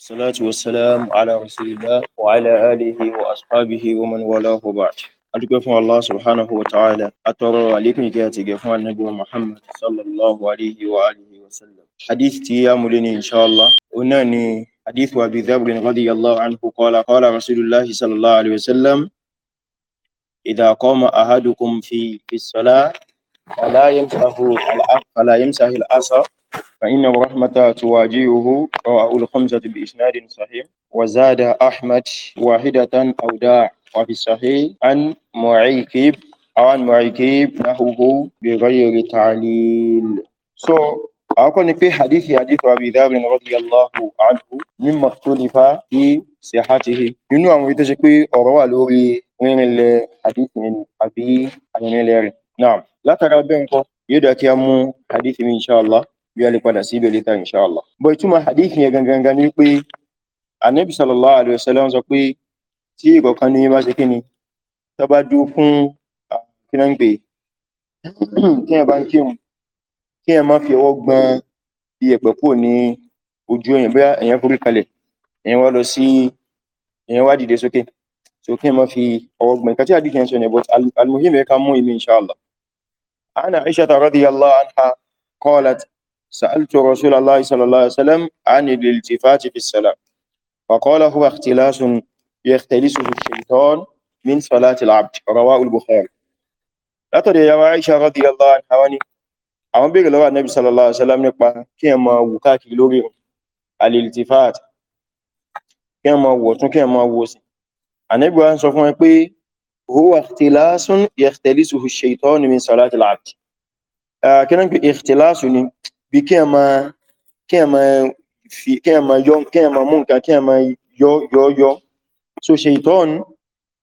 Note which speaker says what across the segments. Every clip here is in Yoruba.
Speaker 1: والصلاة والسلام على رسول الله وعلى آله وأصحابه ومن والاه بعد adúpẹ́ fún allah subhanahu wa ta'ala atọrọ àlékún ìkẹ́ àti ìgẹ́ fún annabi wa muhammad sallallahu alaihi wa alihi wa sallam hadith tí ya múlé ní inṣáàlá o náà ni hadith wa bi dhabrin radiyallahu anhu qala qala rasulullahi sallallahu alaihi wa sallam idha qama ahadukum fi fi sala fala yamsahu al-asr فإن الرحمة تواجهه رواه الخمسة بإسناد صحيح وزاد أحمد واحدة أو داع وفي الصحيح عن معيكب أو عن معيكب نحوه بغير تعليل. So أقول في حديث حديث أبي ذر رضي الله عنه مما اختلف في صحته. Nínú àwọn ìtọ́jú pé ọ̀rọ̀ wà lórí rínrinlẹ̀ àdìsí nínú àbí àyẹ̀nilẹ̀ rẹ̀. Náà látara bẹ́ẹ̀ nǹkan yóò dá kí a mú bí a lè padà sí ibẹ̀ létà inṣáàlá bọ̀ ìtumọ̀ hadith yẹn gangan ni pé anabi sallallahu alaihi wasallam sọ pé tí ìkọ̀kan ní bá ṣe kíni tó bá dúró fún kínáǹgbè tí ẹ bá ń kírun kí ẹ má fi ọwọ́ gbọn iyẹ̀pẹ̀ kúrò ní ojú èèyàn bí èèyàn forí kalẹ̀ èèyàn wá lọ sí èèyàn wá dìde sókè so kí ẹ má fi ọwọ́ gbọn ìkàtí àdìkì ẹ̀ sọ ní but almuhim ẹ̀ mú ìmí inṣáàlá ana aisha radiyallahu anha qalat سألت رسول الله صلى الله عليه وسلم عن الالتفات في السلام فقال هو اختلاس يختلسه الشيطان من صلاة العبد رواه البخاري látọ̀dẹ̀ yàwó Aisha radiyallahu anha wá ní àwọn béèrè lọ́wọ́ Ànábì sallallahu alaihi wasallam nípa kí ẹ máa wù káàkiri lórí aliltifat kí ẹ máa wọ̀ tún kí ẹ máa wọ̀ sí Ànábì wá ń sọ fún ẹ pé huwa ikhtilasun yakhtalisuhu ash-shaytanu min salati al-abd kí náà pé ikhtilasun ni bí kí ẹ máa kí ẹ máa fi kí ẹ máa yọ kí ẹ máa mú nǹkan kí ẹ máa yọ yọ yọ so ṣe ìtọ́ọ̀nù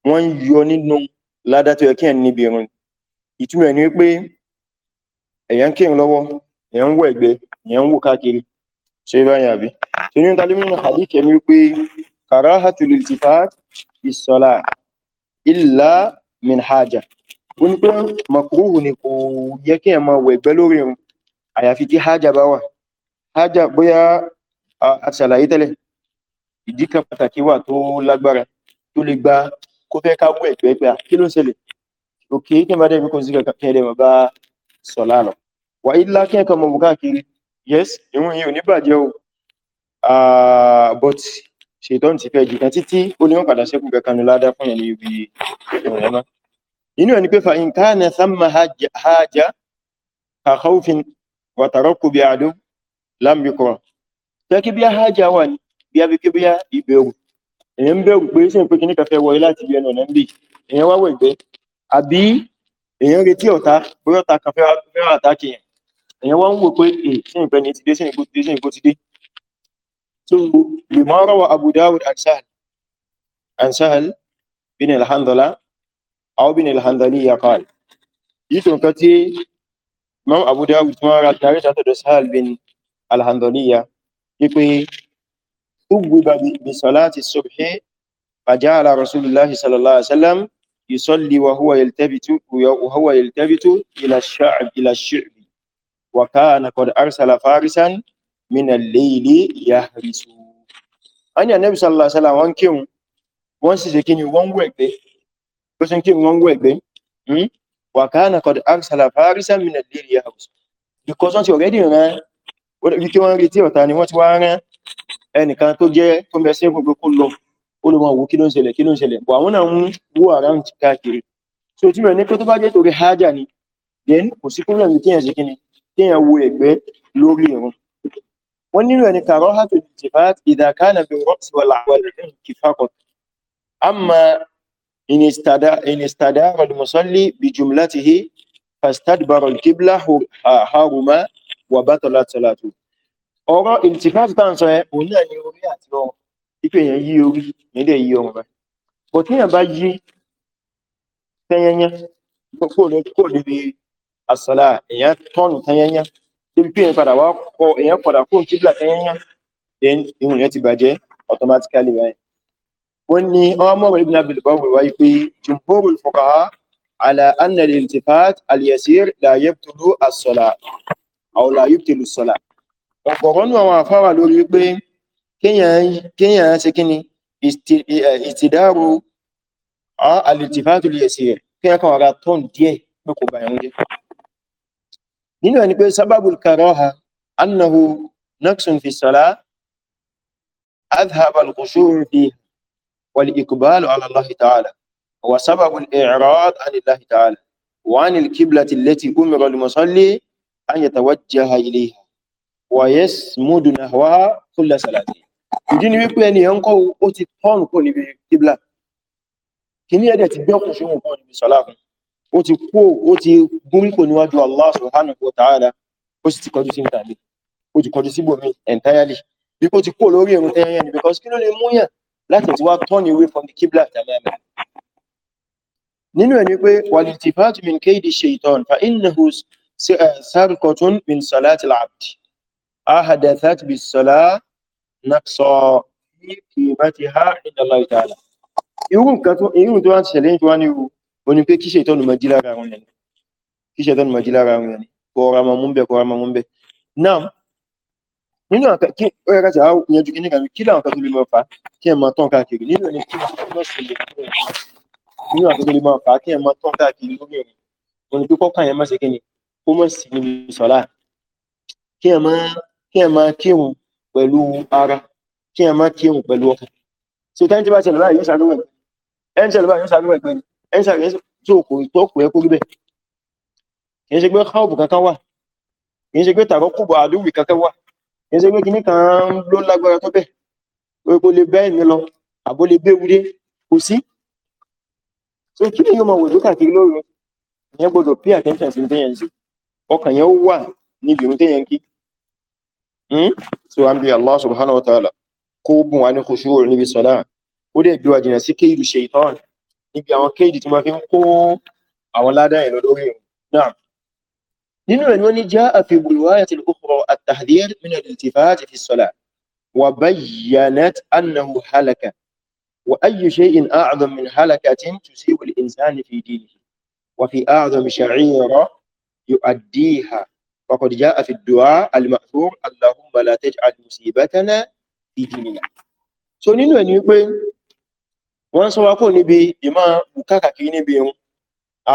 Speaker 1: wọ́n ń yọ nínú ládá tó yẹ kí ẹ níbi irun ìtumọ̀ ẹ̀ ni wípé èèyàn kírun lọ́wọ́ èèyàn ń wọ ẹ̀gbẹ́ èèyàn ń wò káàkiri ṣe báyìí àbí ṣe ní ìtàlẹ́ nínú hadith ẹ̀mí wípé karahatu liltifat isola illa min haja ó ní pé makruhu ni kò yẹ kí ẹ máa wọ ẹ̀gbẹ́ lórí irun àyàfi tí hajjá bá wà hajjá bóyá àṣàlàyé tẹ́lẹ̀ ìdí kan pàtàkì wà tó lágbára tó lè gba kó fẹ́ ká wú ẹ̀gbẹ́ pé kí ló ṣẹlẹ̀ òkè kí yes ìwọ̀n yìí ò ní bàjẹ́ but ṣètọ́n ti fẹ́ jìkan títí ó ní wọ́n padà sẹ́kù kankan ní ládá fún ẹni ibi ìrìnàmá inú ẹni pé fa nǹkan náà sámà hajjá àkọ́fin wàtàrọ́kù bí adún lámbìkọ́ tẹ́kí bí a hajjá wà ní bí a fi kí bí a ìbẹ̀rù èyàn ń bẹ̀rù pé sí pé kí ní kàfẹ́ wọlé láti bí ẹnu ọ̀nà ń bì èyàn wá wẹ̀gbẹ́ àbí èyàn retí ọ̀tá bóyá ọ̀tá kan fẹ́ràn àtàkì yẹn èyàn wá ń wò pé è sí ìpẹ́ ni ti dé sí ìgbó ti dé sí ìgbó ti dé so lè mọ́ rọwọ́ Abu Dawud ansahal ansahal bin alhandala aw bin alhandali yaqal yìí tó nǹkan tí Imam Abu Dawud tí wọ́n ra ti àríṣà tọ̀dọ̀ Sahal bin al-Handaliya wípé ugbùgbà bí salati subhi faja'ala Rasulullahi sallallahu alaihi wasallam yusalli wa huwa yaltabitu wa huwa yaltabitu ila ash-sha'b ila ash-shi'bi wa kana qad arsala farisan min al-layli yahrisu anya nabi sallallahu alaihi wasallam wọ́n kiun wọ́n sì ṣe kíni wegbe ó ṣe kíni wọ́n wegbe hmm وكان قد أرسل فارسا من الليل يهرس because wọ́n ti already rán ibi tí wọ́n rí tí ọ̀tá ni wọ́n ti wá rán ẹnìkan tó jẹ́ tó bẹ̀ sí gbogbo kó lọ ó lọ máa wò kí ló ń ṣẹlẹ̀ kí ló ń ṣẹlẹ̀ bọ̀ àwọn náà ń wò around káàkiri so tí mo ní ni then kò sí problem kí èèyàn ṣe kí ni kí èèyàn wo ẹ̀gbẹ́ lórí ìrun wọ́n nílò ẹni kàrọ́ hàtò ìtìfà ìdàkánà bí wọ́n ti wà láwọn ẹ̀rọ kìfà kọ̀ إن استدار المصلي بجملته فاستدبر القبلة هرما وبطلت صلاته ọ̀rọ̀ ìtìfáàsì tàà ń sọ ẹ òun náà ni orí àti ọrùn ipò èèyàn yí orí nílẹ̀ yí ọrùn rẹ̀ bọ̀ tí èèyàn bá yí tẹ́yẹnyẹ́ kò níbi àsàlá èèyàn tọ́nù tẹ́yẹnyẹ́ débi pé èèyàn padà wá kọ èèyàn padà kó ń kíbla tẹ́yẹnyẹ́ ìhun yẹn ti bàjẹ́ automatically báyìí wọ́n ní ọmọ ibn abdul bawul wáyé pé jumhurul fuqaha ala anna al-iltifat al-yasir la yabtulu as-salat aw la yubtilu as-salat ọ̀pọ̀rọ̀ nù àwọn àfáwà lórí pé kíyàn ṣe kí ìtìdáàrù al-iltifat kíyàn kan ọ̀rà tọ́n díẹ̀ pé kò bá ẹ̀rùn jẹ́ nínú ẹni pé sababul karaha annahu naqsun fi as-salat adhhab al والإقبال على الله تعالى وسبب الإعراض عن الله تعالى وعن الكبلة التي أمر المصلي أن يتوجه إليها ويسمد نحوها كل صلاته ìdí ni wípé ẹni ẹ̀ńkọ́ ó ti tọ́nù kó níbi kíblà kí ní ẹ̀dẹ̀ ti gbẹ́kùn ṣe òun kọ́ níbi sọ́láàkùn ó ti kó ó ti gún níwájú Allah subhanahu wa ó sì ti kọjú sí ìtàlẹ̀ ó ti kọjú sí bòmí entirely bí kó ti kó lórí ẹ̀rùn tẹ́yẹn láti ti wá turn away from the qibla tamama nínú ẹni pé wal-iltifātu min kaydi ash-shaytan fa innahu sarqatun min salati al-'abd ahadathat bis-salati naqsa fi qīmatiha 'inda Allāhi ta'ālā irú nǹkan tó irú tó wá ṣẹlẹ̀ ní tó wá ní irú o ní pé kí ṣètọ́nù mọ̀ jí lára àwọn ẹni nínú àkà kí ó yẹ káṣà yanjú kí nígbà kí láwọn kan tó lè máa fà á kí ẹ máa tán káàkiri nínú ẹni kí lọ sí ilé nínú àkà tó lè máa fà á kí ẹ máa tán káàkiri lórí ẹni wọn ni pé kọ́kàn yẹn má ṣe kí ni kó mọ̀ sí níbi sọ́lá kí ẹ máa kí ẹ máa kírun pẹ̀lú ara kí ẹ máa kírun pẹ̀lú ọkàn so tẹ́ni tí bá ṣẹlẹ̀ báyìí yóò ṣàdúrà ẹgbẹ́ ẹni ṣẹlẹ̀ báyìí yóò ṣàdúrà ẹgbẹ́ ẹni ṣàdúrà tó kò tó kò yẹ kó rí bẹ́ẹ̀ kì í ṣe kìí ṣe pé kinní kan ló lágbára tó bẹ́ẹ̀ pé kó lè bẹ́ẹ̀ ní lọ àbó lè gbé wúdé kò sí so kí ni yóò máa wò tó káàkiri lóru ìyẹn gbọ́dọ̀ pay attention sí téèyàn sí ọkàn yẹn wà níbi ìrún téèyàn kí hmm? so à ń bi Allah subhanahu wa ta'ala kó bùn wá ní kòṣù rẹ níbi sọlá ó dẹ̀ gbé wa jìnnà sí kéèdù ṣe ìtọ́n níbi àwọn kéèdì tí wọ́n fi ń kó àwọn ládàá yẹn lọ lórí ìrún náà لأن للعنوان جاء في الرواية الأخرى التحذير من الالتفات في الصلاة وبينت أنه هلك وأي شيء أعظم من هلكة تصيب الإنسان في دينه وفي أعظم شعيرة يؤديها وقد جاء في الدعاء المأثور اللهم لا تجعل مصيبتنا في ديننا so nínú ẹ̀ ni pé wọ́n sọ wá kò níbi ìmọ̀ bùkátà kí níbi irun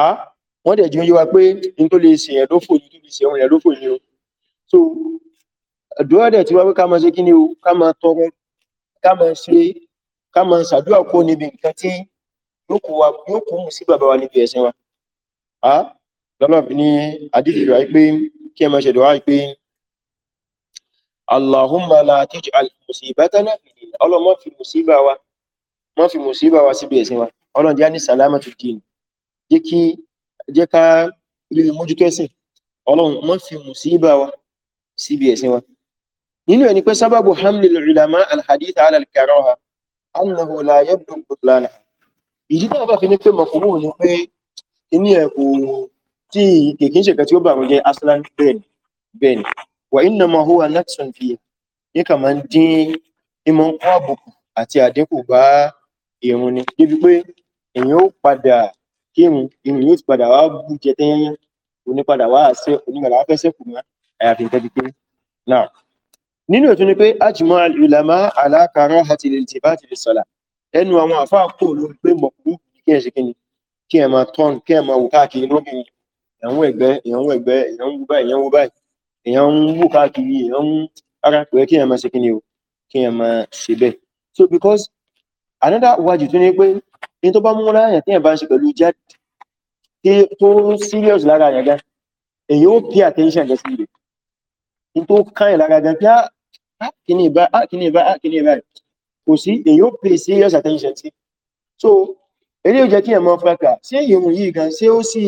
Speaker 1: ah, wọ́n dẹ̀ jẹ́ yíwa pé in tó lè ṣèyàn lófò ní tó lè ṣe ọ̀rìn lófò ní o so àdúrà dẹ̀ tí wá pé ká máa ṣe kí ni o ká máa tọrọ ká máa ṣe ká máa ṣàdúrà kó níbi nǹkan tí yóò kó mú sí bàbá wa níbi ẹ̀sìn wa a lọ́nà ní àdìsí rà pé kí ẹ máa ṣẹ̀dọ̀ wá pé Allahumma la taj'al musibatana fi din Ọlọ́run fi musiba wa má fi wa síbi ẹ̀sìn wa Ọlọ́run jẹ́ ní salamatu din jẹ́ jẹ́ ká lè mójútó ẹ̀sìn ọlọ́run mọ́ fi mùsíbà wa síbi ẹ̀sìn wa nínú ẹni pé sábàbù hamlil ulama alhadith ala al-karaha annahu la yabdu butlana ìdí tí a bá fi ní pé mọ̀kúrú ni pé inú ẹ̀ kò tí kèkí ń ṣèkà ó bà wọn aslan bẹ́ẹ̀ bẹ́ẹ̀ wa innama huwa naqsun fiha yẹ kà máa dín ìmọ̀ kọ́ àbùkù àti àdínkù bá ìrun ni débi pé èèyàn ó padà kírun irun yóò ti padà wá bù jẹ tẹ́yẹ́yẹ́ onípadà wá àṣẹ onígbàdà wá kù mọ́ àyàfi nǹkan bíi náà nínú ètò ni pé ajma al-ulama ala karahati al-iltibati fi salat ẹnu àwọn àfáà kò lórí pé mọ̀kú kí ẹ ṣe kí ni kí ẹ máa tọ́n kí ẹ máa wò káàkiri lóbìnrin ìyàwó ẹ̀gbẹ́ ìyàwó ẹ̀gbẹ́ ìyàwó báyìí ìyàwó báyìí èèyàn ń wò káàkiri èèyàn ń ara pé kí èèyàn máa ṣe kíni o kí èèyàn máa ṣe bẹ́ẹ̀ so because another wájú tó ní pé ní tó bá mú láàyàn tí ẹ̀ bá ń ṣe pẹ̀lú jẹ́ tó serious lára àyàn gan èyí ó pay attention gẹ́sí rẹ̀ ní tó káyàn lára gan pé ah, ah, kíní ìbá ah, kíní ìbá kíní ìbá kò sí èyí ó pay serious attention sí so eré ò jẹ́ kí ẹ̀ mọ́ fúrakà sí ìrùn yìí gan ṣé ó sì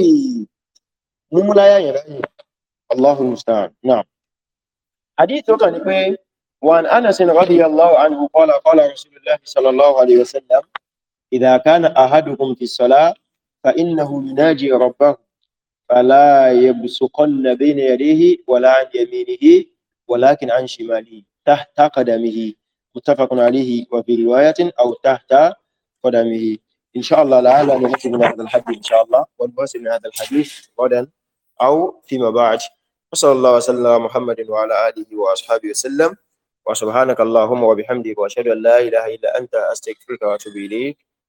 Speaker 1: mú láyàyàn láyè Allahu musta'an náà hadith tó kàn ní pé وعن انس رضي الله عنه قال قال رسول الله صلى الله عليه إذا كان أحدكم في الصلاة فإنه يناجي ربه فلا يبصقن بين يديه ولا عن يمينه ولكن عن شماله تحت قدمه متفق عليه وفي رواية أو تحت قدمه إن شاء الله تعالى نكتب من هذا الحديث إن شاء الله ونواصل من هذا الحديث غدا أو فيما بعد وصلى الله وسلم على محمد وعلى آله وأصحابه وسلم وسبحانك اللهم وبحمدك وأشهد أن لا إله إلا أنت أستغفرك وأتوب إليك